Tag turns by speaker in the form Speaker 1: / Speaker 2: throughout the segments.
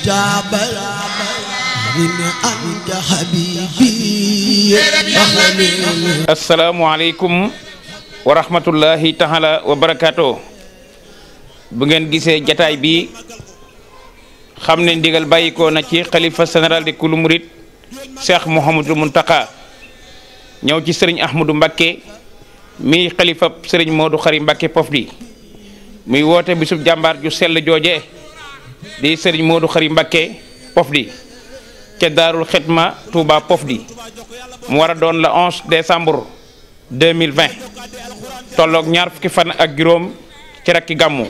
Speaker 1: جابر أنت حبيبي
Speaker 2: السلام عليكم ورحمة bu ngeen gisee jataay bi xam ne ndigal bàyyikoo na ci xalifa général de kulu murit cheikh muntaka ñëw ci sëriñ ahmadou mbakke mi xalifa sëriñ moodu xari mbakke pof di muy woote bisub jàmbaar ju sell jooje di sëriñ Modou Khary Mbacké Pofdy ca daarul xidma Touba Pofdy mu war a doon la 11 décembre 2020 tolloog ñaar fukki fan ak juróom ci rakki gàmmu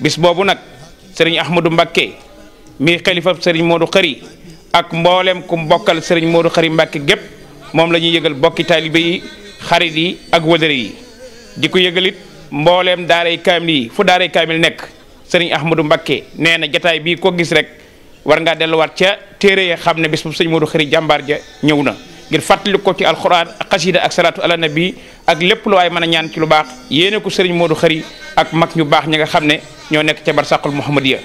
Speaker 2: bis boobu nag sëriñ Ahmadou Mbacké mi xalifab sëriñ Modou Khary ak mboolem ku bokkal sëriñ Modou Khary Mbacké gépp moom la ñuy yëgal bokki taalibe yi xarit yi ak wëdëre yi di ko yëgalit mboolem daaray kaamil yi fu daaray kaamil nekk sëriñ Ahmadou Mbakke nee na jataay bii ko gis rek war ngaa delluwaat ca téere ya xam ne bis bu sëñ Modou Xëri jàmbaar ja ñëw na ngir fàttali ko ci alxuraan xasida ak salaatu na nabi ak lépp lu waay mën a ñaan ci lu baax yéene ko sëriñ Modou Xëri ak mag ñu baax ñi nga xam ne ñoo nekk ca barsàqul Muhammadiya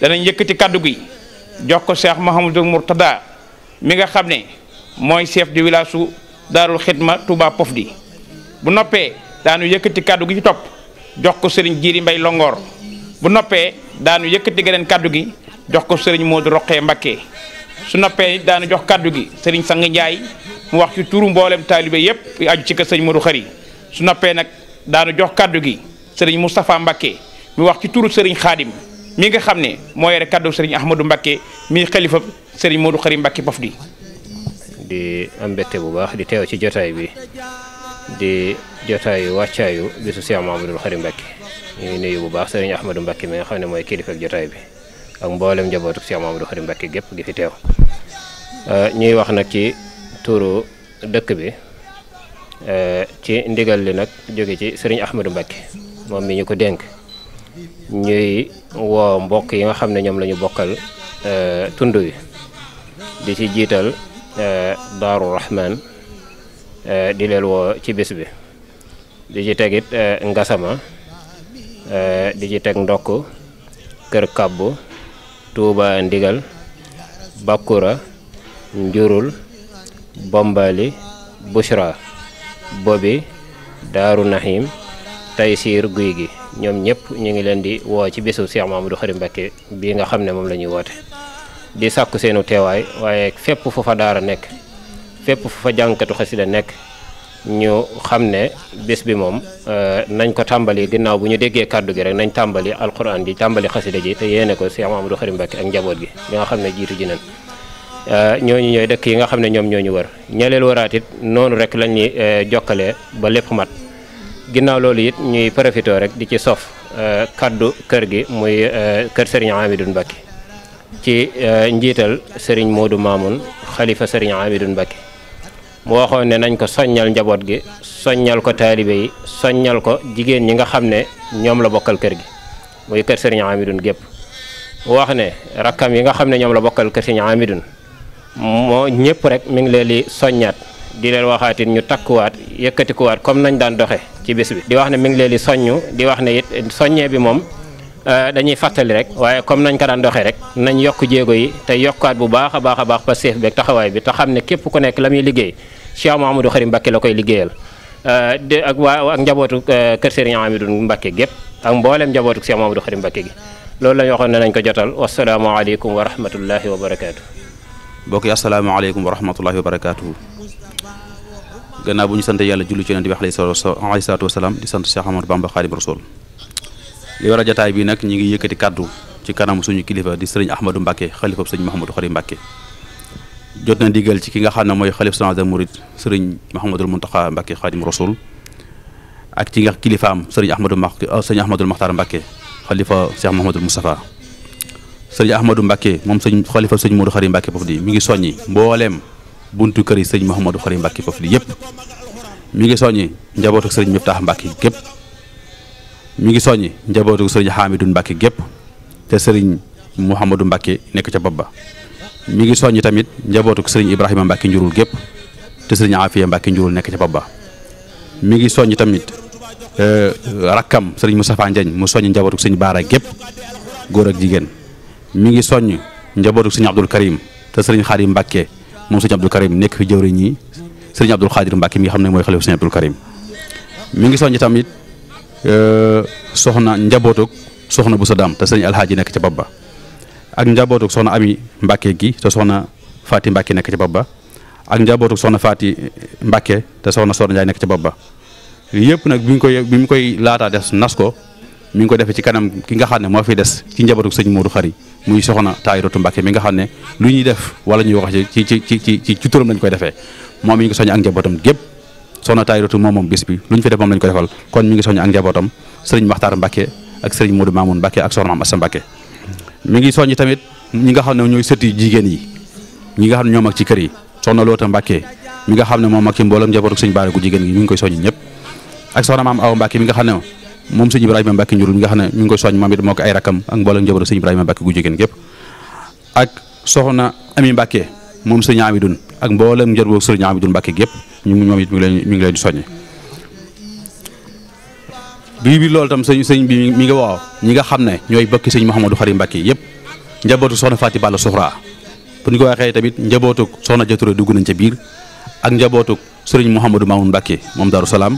Speaker 2: danañ yëkkati kàddu gi jox ko Cheikh Mouhamadou Mourtada mi nga xam ne mooy chef de village su daarul xidma Touba Pofdi bu noppee daanu yëkkati kàddu gi ci topp jox ko sëriñ Jiiri Mbay Longoor bu noppee daanu yëkkati geneen kàddu gi jox ko sëriñ Modou Roqee Mbakke su noppee daanu jox kàddu gi sëriñ Sang Njaay mu wax ci turu mboolem taalibe yépp yu aju ci kër sëriñ Modou Xari su noppee nag daanu jox kàddu gi sëriñ Moustapha Mbakke mu wax ci turu sëriñ Xaadim mi nga xam ne moo yore kàddu sëriñ Ahmadou Mbakke mi xalifa sëriñ Modou Xari Mbakke Pof di
Speaker 3: di am mbette bu baax di teew ci jotaay bi di jotaayu wàccaayu bisu Cheikh Mamadou Xari ñu bu baax sëriñ Ahmadou Mbacke mi nga xam ne mooy kilifa ak bi ak mboolem njabootu Cheikh Mamadou Khary Mbacke gépp gi fi teew euh, ñuy wax nag ci turu dëkk bi euh, ci ndigal li nag jóge ci sëriñ Ahmadou Mbacke moom mi ñu ko dénk ñuy woo mbokk yi nga xam ne ñoom lañu ñu bokkal euh, tund wi di ci jiital Daaru Rahman di leen woo ci bis bi di ci tegit Ngasama Eh, di ci teg ndokk kër kabbu tuuba ndigal bakkura njurul bombali bushra bobi daaru nahim taysiir guy gi ñoom ñëpp ñu ngi leen di woo ci bésu Cheikh Mamadou Khary Mbacké bii nga xam ne moom lañuy woote di sàkku seenu teewaay waaye fépp fu fa daara nekk fépp fu fa jànkatu xasida nekk ñu xam ne bés bi moom euh, nañ ko tàmbali ginnaaw bu ñu déggee kàddu gi rek nañ tàmbali al alquran ji tàmbali xasida ji te yéene ko Cheikh Mamadou Xarim Mbacké ak njaboot gi ñi nga xam ne jiitu ji nañ euh, ñooñu ñooy dëkk yi nga xam ne ñoom ñoo ñu wër ñaleel waraat noonu rek lañ ñuy euh, jokkalee ba lépp mat ginnaaw loolu it ñuy profité rek di ci sof kàddu kër gi muy kër Serigne Amidou Mbacké ci njiital Serigne Modou Mamoun xalifa Serigne Amidou Mbacké mu waxoon ne nañ ko soññal njaboot gi soññal ko taalibe yi soññal ko jigéen ñi nga xam ne ñoom la bokkal kër gi muy kër sëriñ Amidoune gépp mu wax ne rakkam yi nga xam ne ñoom la bokkal kër sëriñ Amidoune moo ñëpp rek mi ngi leen di soññaat di leen waxaatit ñu takkuwaat yëkkatikuwaat comme nañ daan doxe ci bés bi di wax ne mi ngi leen di soññu di wax ne it soññee bi moom Euh, dañuy fàttali rek waaye comme nañ ko daan doxee rek nañ yokk jéego yi te yokkaat bu baax a baax a baax Pastef beeg taxawaay bi te xam ne képp ku nekk la muy liggéey Cheikh Mouhamadou Xarim Mbacké la koy liggéeyal euh, de njabootu euh, kër Serigne Amidou Mbacké gépp ak mboolem njabootu Cheikh Mouhamadou Xarim Mbacké gi loolu la ñu waxoon ne nañ ko jotal wasalaamaaleykum wa rahmatullahi wa barakaatu.
Speaker 4: mbokk yi asalaamaaleykum wa rahmatullahi wa barakaatu. gannaaw bu ñu sant yàlla julli ci yonent bi alayhi salaatu salaam di sant Cheikh Ahmadou Bamba Xaadimu Rasuul li war a jotaay nag ñi ngi yëkkati kàddu ci kanam suñu kilifa di sëriñ Ahmadou Mbacke xalifab sëriñ Mouhamadou Khari Mbacke jot na ndigal ci ki nga xam ne mooy xalif sens de Mouride sëriñ Mouhamadou Mountakha Mbacke Khadim Rasoul ak ci nga kilifaam sëriñ Ahmadou Mbacke euh, sëriñ Ahmadou Makhtar Mbacke xalifa Cheikh Mouhamadou Moustapha sëriñ Ahmadou Mbacke moom sëñ xalifa sëñ Modou Khari Mbacke foofu di mi ngi soññi mbooleem buntu kër yi sëriñ Mouhamadou Khari Mbacke foofu di yëpp mi ngi soññi njabootu sëriñ Miftah Mbacke gépp mi ngi soññi njabootu sëriñ Hamidou Mbacke gépp te sëriñ Mouhamadou Mbacke nekk ca bopp ba mi ngi soññi tamit njabootu sëriñ Ibrahima Mbacke njurul gépp te sëriñ Afia Mbacke njurul nekk ca bopp ba mi ngi soññi tamit euh, rakkam sëriñ Moustapha Ndiagne mu soññi njabootu sëriñ Baara gépp góor ak jigéen mi ngi soññ njabootu sëriñ Abdoul Karim te sëriñ Xaadim Mbacke moom sëriñ Abdoul Karim nekk fi jëwriñ ñi sëriñ Abdoul Xaadir Mbacke mi nga xam ne mooy xalifa sëriñ Abdoul Karim mi ngi soññi tamit Euh, soxna njabootuk soxna bu sa daam te sëriñ alxaaji nekk ca bopp ba ak njabootuk soxna ami mbàkke gi te soxna faati mbàkke nekk ca bopp ba ak njabootuk soxna faati mbàkke te soxna soxna njaay nekk ca bopp ba yëpp nag bi mu koy bi mu koy laataa des nas ko mu ngi ko defee ci kanam ki nga xam ne moo fi des ki njabootuk sëñ Modou Khary muy soxna Tayratu Mbàkke mi nga xam ne lu ñuy def wala ñuy wax ci ci ci ci ci turam lañ koy defee moom mi ngi ko soññ ak njabootam gépp soxna Tayratu moom moom bis bi lu ñu fi def moom la ñu ko defal kon mi ngi soññ ak njabootam sëriñ Maxtaar Mbacke ak sëriñ Modou Mamoun Mbacke ak soxna Maam Assa mbakke mi ngi soññ tamit ñi nga xam ne ñooy sëti jigéen yi ñi nga xam ne ñoo mag ci kër yi soxna Loota Mbacke mi nga xam ne moom mag ci mboolam njabootu sëñ Baara gu jigéen gi mi ngi koy soññ ñëpp ak soxna Maam mi nga xam ne moom sëñ Ibrahima Mbacke njurul mi nga xam ne mi ngi koy soññ moom it moo ko ay rakam ak mboolam njabootu sëñ Ibrahima Mbacke gu jigéen gépp ak soxna Ami Mbacke moom sëñ Amidun ak mboolam njabootu sëñ Amidun Mbacke gépp ñu moom it mi ngi leen ngi leen di bi bi loolu tam sëñ sëñ bi mi ngi waaw ñi nga xam ne ñooy bëkki sëñ Mouhamadou Xari Mbàkke yëpp njabootu soxna Faati Balla Suxra bu ñu ko waxee tamit njabootu soxna Jature dugg nañ ca biir ak njabootu sëriñ Mouhamadou Mamoun Mbàkke moom Daaru Salaam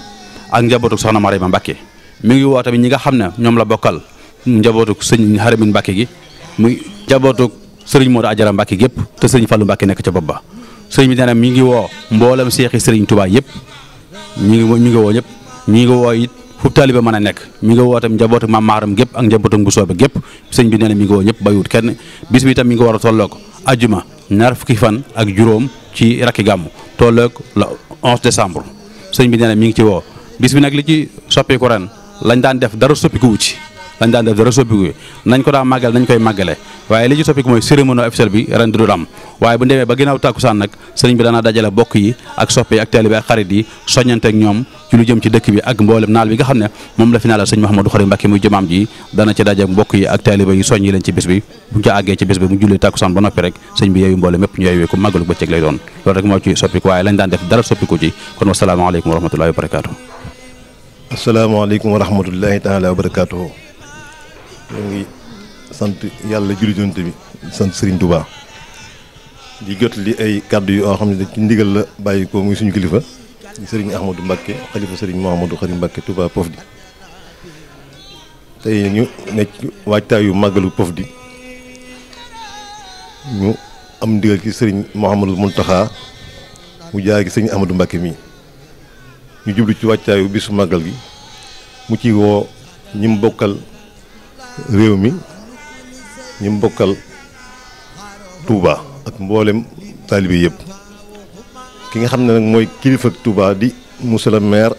Speaker 4: ak njabootu soxna Mariama Mbàkke mi ngi woo tamit ñi nga xam ne ñoom la bokkal njabootu sëñ Xaramin Mbàkke gi muy njabootu sëriñ Modou Ajara mbakki gépp te sëriñ falu mbakki nekk ca bopp ba sëriñ bi nee mi ngi woo mboolem seexi seriñ tubaay yëpp mi ngi mi ngi woo ñëpp mi ngi woo it fu taalibe mën a nekk mi ngi woo itam njabootu maam maaram gépp ak njabootam bu soobe gépp sëriñ bi nee na mi ngi woo ñëpp bayut kenn bis bi itam mi ngi war a tolloog ma naar fukki fan ak juróom ci rakki gàmmu tolloog la 11 décembre sëriñ bi nee mi ngi ci woo bis bi nag li ci soppiku ren lañ daan def dara soppiku ci lañ daan def dara soppiku nañ ko daan màggal nañ koy màggale waaye li ci soppiku mooy cérémonie officielle bi ren du am waaye bu demee ba ginnaaw tàkkusaan nag sëriñ bi daana dajale bokk yi ak soppe yi ak taalibe bi ak xarit yi soññante ñoom ci lu jëm ci dëkk bi ak mboolem naal bi nga xam ne moom la fi naalal sëñ Mouhamadou Xarim Mbàkke muy jëmaam ji dana ci daje bokk yi ak taalibe yi soññi leen ci bis bi bu ca àggee ci bis bi mu jullee tàkkusaan ba noppi wa rahmatullahi wa barakaatu
Speaker 1: asalaamaaleykum wa rahmatullahi taala ñu sant yàlla julli jonte bi sant Serigne Touba di jot li ay kàddu yu xam ne ci la bàyyi ko kilifa di Serigne Ahmadou Mbacke xalifa Serigne Mouhamadou Xarim Mbacke Touba Pofdy tey ñu nekk waajtaayu màggalu Pofdy ñu am ndigal ci Serigne Mouhamadou Mountakha mu jaar gi Serigne Ahmadou Mbacke mii ñu jublu ci waajtaayu bisu màggal gi mu ci woo ñi mu bokkal. réew mi ñu mbokkal Touba ak mboolem taalibe yëpp ki nga xam ne nag mooy kilifa Touba di monsieur le maire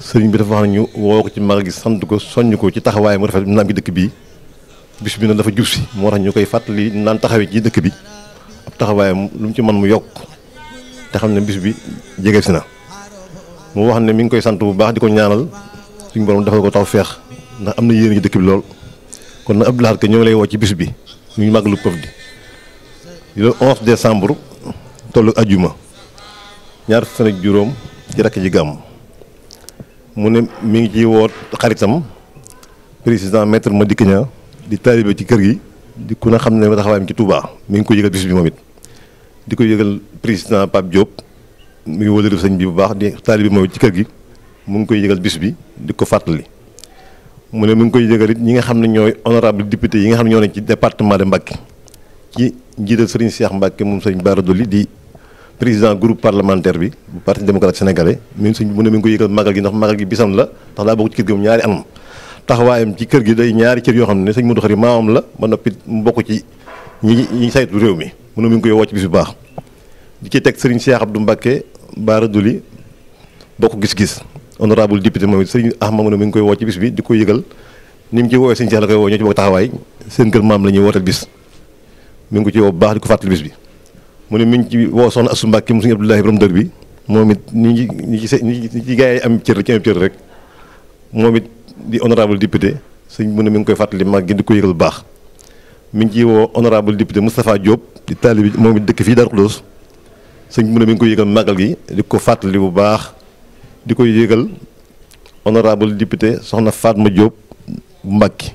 Speaker 1: sëriñ bi dafa wax nañu woo ko ci magal gi sant ko soññ ko ci taxawaay mu rafet bi na am ci dëkk bii bis bi nag dafa jub si moo tax ñu koy fàttali naan taxawee ci dëkk bi ab taxawaayam lu mu ci mën mu yokk te xam ne bis bi jege si na mu wax ne mi ngi koy sant bu baax di ko ñaanal suñu borom dafa ko taw feex ndax am na yéen ci dëkk bi lool kon nag Abdou Ka ñoo ngi lay woo ci bis bi ñu ngi màggalu Pofdy le 11 décembre tollu ajjuma ñaar fan juróom ci rakk ji gàmm mu ne mi ngi ciy woot xaritam président maître Madické Niang di taalibe ci kër gi di ku na xam ne taxawaayam ci Touba mi ngi ko yëgal bis bi moom it di ko yëgal président Pape Diop mu ngi wëlëru sëñ bi bu baax di taalibe moom it ci kër gi mu ngi koy yëgal bis bi di ko fàttali mu ne mi ngi koy yëgal ñi nga xam ne ñooy honorable député yi nga xam ne ñoo ne ci département de Mbacké ci njiital Serigne seex Mbacké moom Serigne Bara Dolly di président groupe parlementaire bi bu parti démocrate sénégalais mi ngi mu ne mi ngi koy yëgal magal gi ndax magal gi bisam la ndax daa bokk ci kër gi moom ñaari anam taxawaayam ci kër gi day ñaari cër yoo xam ne sëñ Modou Khari maamam la ba noppi mu bokk ci ñi ñi saytu réew mi mu ne mi ngi koy woo ci bis baax di ci teg Serigne Cheikh Abdou Mbacké Bara Dolly bokk gis-gis honorable député moom it sëriñ Ahmadu mi ngi koy woo ci bis bi di ko yëgal ni mu ci woowee sëñ Cheikh koy woo ñoo ci bokk taxawaay seen kër maam la ñuy bis mi ngi ko ci woo bu baax di ko fàttali bis bi mu ne mi ngi woo soxna Asu Mbàkke mu sëñ Abdoulahi borom dër moom it ñi ngi ñi ci am cër ci am cër moom it di honorable député sëñ mu ne mi ngi koy fàttali mag gi di ko yëgal bu baax mu ngi ci woo honorable député Moustapha Diop di taalibi moom it dëkk fii Darou Khoudoss sëñ mu ne mi ngi koy yëgal màggal gi di ko fàttali bu baax di koy yëgal honorable député soxna Fatma Diop Mbacke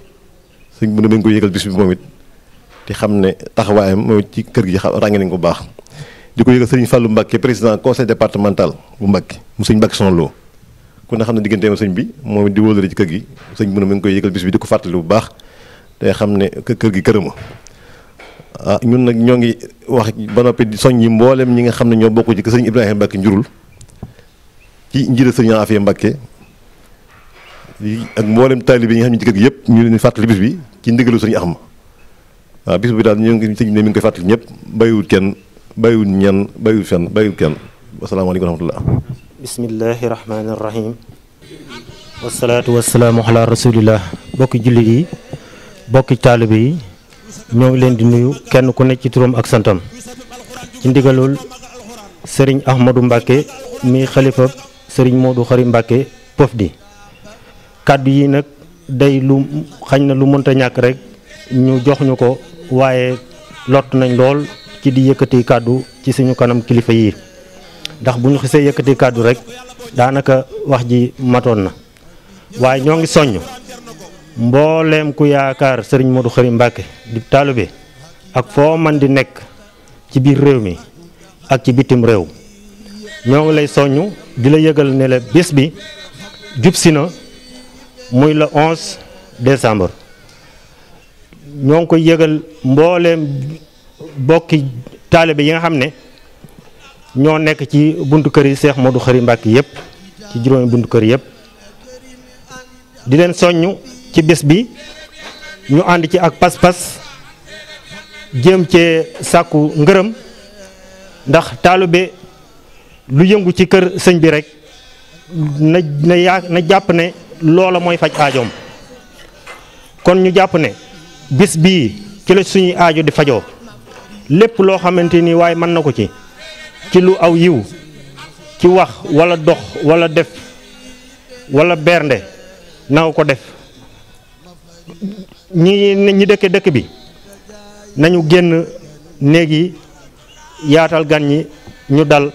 Speaker 1: sëñ bi mi ngi koy yëgal bis bi moom it di xam ne taxawaayam moom ci kër gi ràññee nañ ko baax di ko yëgal sëriñ Fallou Mbacke président conseil départemental bu Mbacke mu sëñ Mbacke Soxna Lo ku xam ne digganteem sëñ bi moom di ci kër gi sëñ bi mi ngi koy yëgal bis bi di ko fàttali bu baax te xam ne kër gi kërama ah ñun nag ñoo ngi wax ba noppi soñ soññi mboolem ñi nga xam ne ñoo bokk ci sëñ Ibrahima Mbacke njurul ci njiitu sëriñ Afia Mbakke ak mboolem taalibe yi nga xam ne ci gi yëpp ñu leen fàttali bis bi ci ndigalu sëriñ Axma waaw bis bi daal ñu ngi sëñ koy fàttali ñëpp bàyyiwul kenn bàyyiwul ñenn bàyyiwul fenn bàyyiwul kenn asalaamaaleykum wa rahmatullah
Speaker 5: bismillahi rahmaani rahim wasalaatu wasalaamu ala ngi leen di nuyu kenn ku ne ci santam ci ndigalul sëriñ Ahmadou Mbakke mi xalifa sëriñ Modou Khary Mbacké Pofdy kàddu yi nag day lu xañ na lu mënta ñàkk rek ñu jox ñu ko waaye lott nañ lool ci di yëkkati kàddu ci suñu kanam kilifa yi ndax bu ñu xisee yëkkati kàddu rek daanaka wax ji matoon na waaye ñoo ngi soññ mbooleem ku yaakaar sëriñ Modou Khary Mbacké di taalibe ak foo man di nekk ci biir réew mi ak ci bitim réew ñoo ngi lay soññ di la yëgal ne la bés bi jub si na muy le 11 décembre ñoo ngi koy yëgal mbooleem bokki taalibe yi nga xam ne ñoo nekk ci buntu kër yi Seex Modou Khary Mbacké yëpp ci juróomi buntu kër yëpp di leen soññ ci bés bi ñu ànd ci ak pas-pas jéem cee sàkku ngërëm ndax taalibe lu yëngu ci kër sëñ bi rek na na yaa na jàpp ne loola mooy faj aajoom kon ñu jàpp ne bis bii ci la suñuy aajo di fajoo lépp loo xamante ni waaye mën na ko ci ci lu aw yiw ci wax walla dox walla def walla bernde na nga ko def ñi ñi dëkke dëkk bi nañu génn néegi yaatal gan ñi ñu dal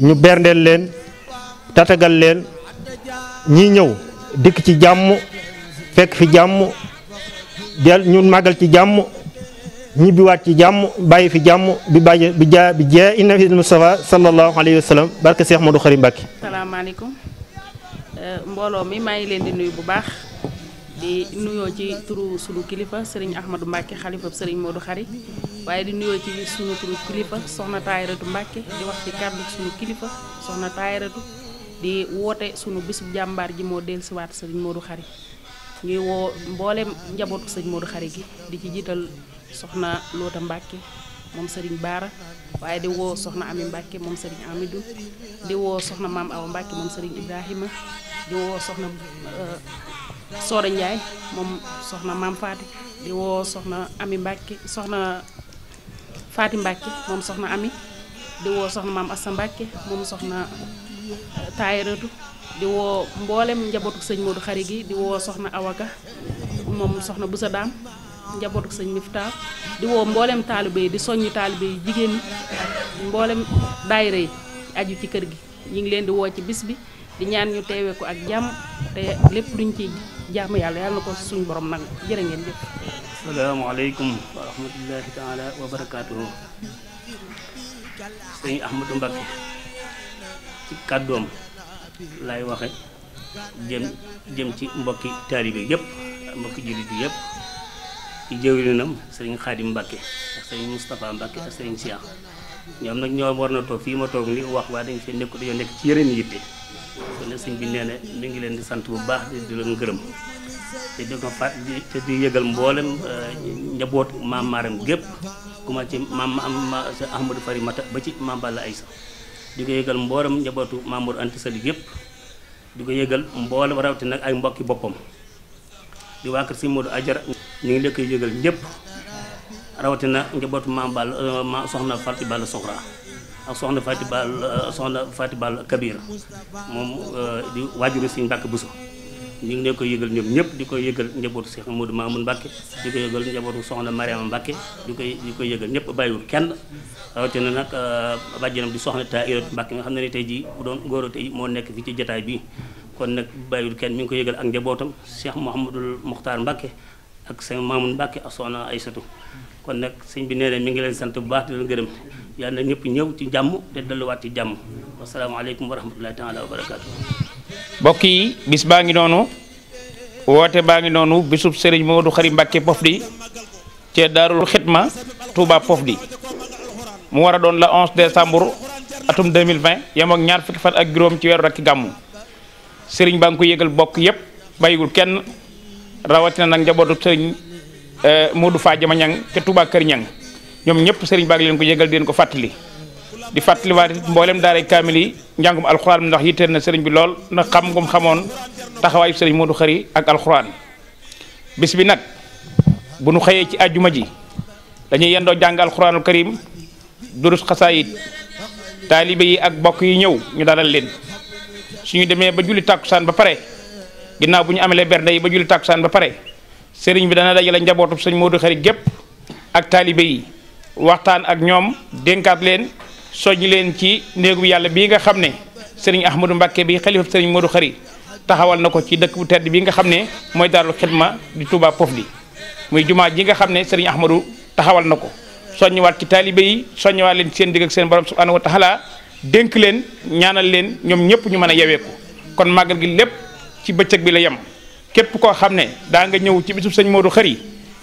Speaker 5: ñu berndeel leen tatagal leen ñi ñëw dikk ci jàmm fekk fi jàmm del ñu màggal ci jàmm ñibbiwaat ci jàmm bàyyi fi jàmm bi bàyyi bi jaa bi jaa inna fi Mustafa sallallahu alayhi wa sallam barke Cheikh Modou Khary Mbacké
Speaker 6: salaamaaleykum euh, mbooloo mi maa ngi leen di nuyu bu baax di nuyoo ci turu sunu kilifa sëriñ Ahmadou Mbacke xalifa sëriñ Modou Xari waaye di nuyoo ci suñu turu kilifa soxna Taayiratu Mbacke di wax ci kàddu suñu kilifa soxna Taayiratu di woote sunu bisu jàmbaar ji moo dellusiwaat sëriñ Modou Xari ñuy woo mboolem njabootu sëñ Modou Xari gi di ci jiital soxna Loota Mbacke moom sëriñ Baara waaye di woo soxna Ami Mbacke moom sëriñ Amidou di woo soxna maam Awa Mbacke moom sëriñ Ibrahima di woo soxna. Soda Ndiaye moom soxna maam Faati di woo soxna Ami Mbacke soxna Faati Mbacke moom soxna Ami di woo soxna maam sa Mbacke moom soxna Taayiratu di woo mboolem njabootu sëñ Modou Xari gi di woo soxna Awaka moom soxna Busa Daam njabootu sëñ Miftaar di woo mboolem taalibe yi di soññi taalibe yi jigéen mboolem daayira yi aju ci kër gi ñu ngi leen di woo ci bis bi di ñaan ñu teewee ko ak jàmm te lépp duñ ci jaamu yàlla yàlla na ko suñu borom nag jërë ngeen jëf.
Speaker 7: salaamaaleykum wa rahmatullahi taala wa barakaatuhu. sëñ Ahmadou Mbacké ci kàddoom lay waxe jëm jëm ci mbokki taalibe yëpp mbokki jullit yëpp ci jëwrinam sëriñ Xaadim Mbacké ak sëriñ Moustapha Mbacké ak sëriñ Cheikh ñoom nag ñoo war na toog fii ma toog ni wax waa dañ fee nekku dañoo nekk ci yeneen yitte sëñ bi nee na mi ngi leen di sant bu baax di leen gërëm te di ko fàtt te di yëgal mboolem euh, njaboot maam maaram gépp ku ma ci maam Ahmadou Fari ba ci maam Balla Aïssa di ko yëgal mboolem njabootu Mamour Anta Sali gépp di ko yëgal mboolem rawti ay mbokki boppam di waa kër sëñ Modou Ajara ñu ngi leen koy yëgal ñëpp rawatina njabootu maam Balla euh, soxna Fati Balla Soxra ak soxna Fati Ball soxna Fati Ball Kabir moom euh, di waajuru Sëriñ Mbàkke Buso ñu ngi leen koy yëgal ñoom ñëpp di koy yëgal njabootu Cheikh Modou Mamoun Mbacke di ko yëgal njabootu Soxna Mariama Mbacke di koy koy yëgal ñëpp bàyyiwul kenn rawatina nag euh, bàjjenam di Soxna Tahirou Mbacke nga xam tey jii bu doon góor tey moo nekk fii ci jataay bi kon nag bàyyiwul kenn mi ngi koy yëgal ak njabootam Cheikh Mouhamadul Mokhtar Mbacke ak seen Maamun Mbàkke ak soxna Aysatu kon nag sëñ bi nee na mi ngi leen sant bu baax di leen gërëm yal na ñëpp ñëw ci jàmm te delluwaat ci jàmm wasalaamaaleykum wa rahmatullahi taala
Speaker 2: wa yi bis baa ngi noonu woote baa ngi noonu bisub Serigne Modou Khary Mbacke Pofdy ci Daarul Xidma Touba Pofdy mu war doon la 11 décembre atum 2020 yem ak ñaar fukki fan ak juróom ci weeru rakki gàmmu sëriñ baa ngi ko yëgal bokk yépp bàyyigul kenn. rawatina nag njabootu sëriñ eh, Modou Fadiama Niang ca Touba Kër Niang ñoom ñëpp sëriñ baa ngi leen ko yëgal di ko fàttali di fàttali waat mboolem daaray kaamil yi njàngum alxuraan ndax yitteel na sëriñ bi lool na xam ngum xamoon taxawaayu sëriñ Modou Khary ak alxuraan bis bi nag bu nu xëyee ci àjjuma ji dañuy yendoo jàng alxuraanul karim durus xasaayit taalibe yi ak bokk yi ñëw ñu dalal leen suñu demee ba julli tàkkusaan ba pare ginnaaw bu ñu amelee bernde yi ba julli tàkkusaan ba pare sëriñ bi dana dajale njabootub sëñ Modou xari gépp ak taalibe yi waxtaan ak ñoom dénkaat leen soññ leen ci néegu yàlla bii nga xam ne sëriñ Ahmadou Mbacke bi xalifab sëriñ Modou Khary taxawal na ko ci dëkk bu tedd bii nga xam ne mooy daarul xidma di Touba Pofdy muy jumaa ji nga xam ne sëriñ Ahmadou taxawal na ko soññiwaat ci taalibe yi soññiwaat leen seen digg ak seen borom subhanahu wa taala dénk leen ñaanal leen ñoom ñëpp ñu mën a yeweeku kon màggal gi lépp ci bëccëg bi la yem képp koo xam ne daa nga ñëw ci bisub sañ Modou Khary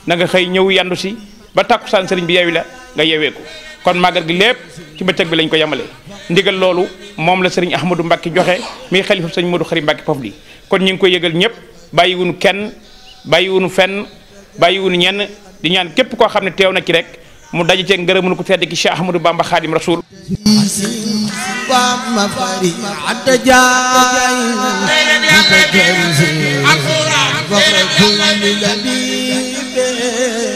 Speaker 2: na nga xëy ñëw yandu si ba tàkkusaan sëriñ bi yewi la nga yeweeku kon màggal gi lépp ci bëccëg bi lañ ko yemale ndigal loolu moom la sëriñ Ahmadou Mbacke joxe mi xalifa sëñ Modou Khary Mbacke Pofdy kon ñu ngi koy yëgal ñëpp bàyyiwunu kenn bàyyiwunu fenn bàyyi bàyyiwunu ñenn di ñaan képp koo xam ne teew na ci rek mu daje cee ngërëmul ko tedd ki Cheikh Ahmadou Bamba Khadim Rasoul
Speaker 7: bamba fari anta jaay anta jaay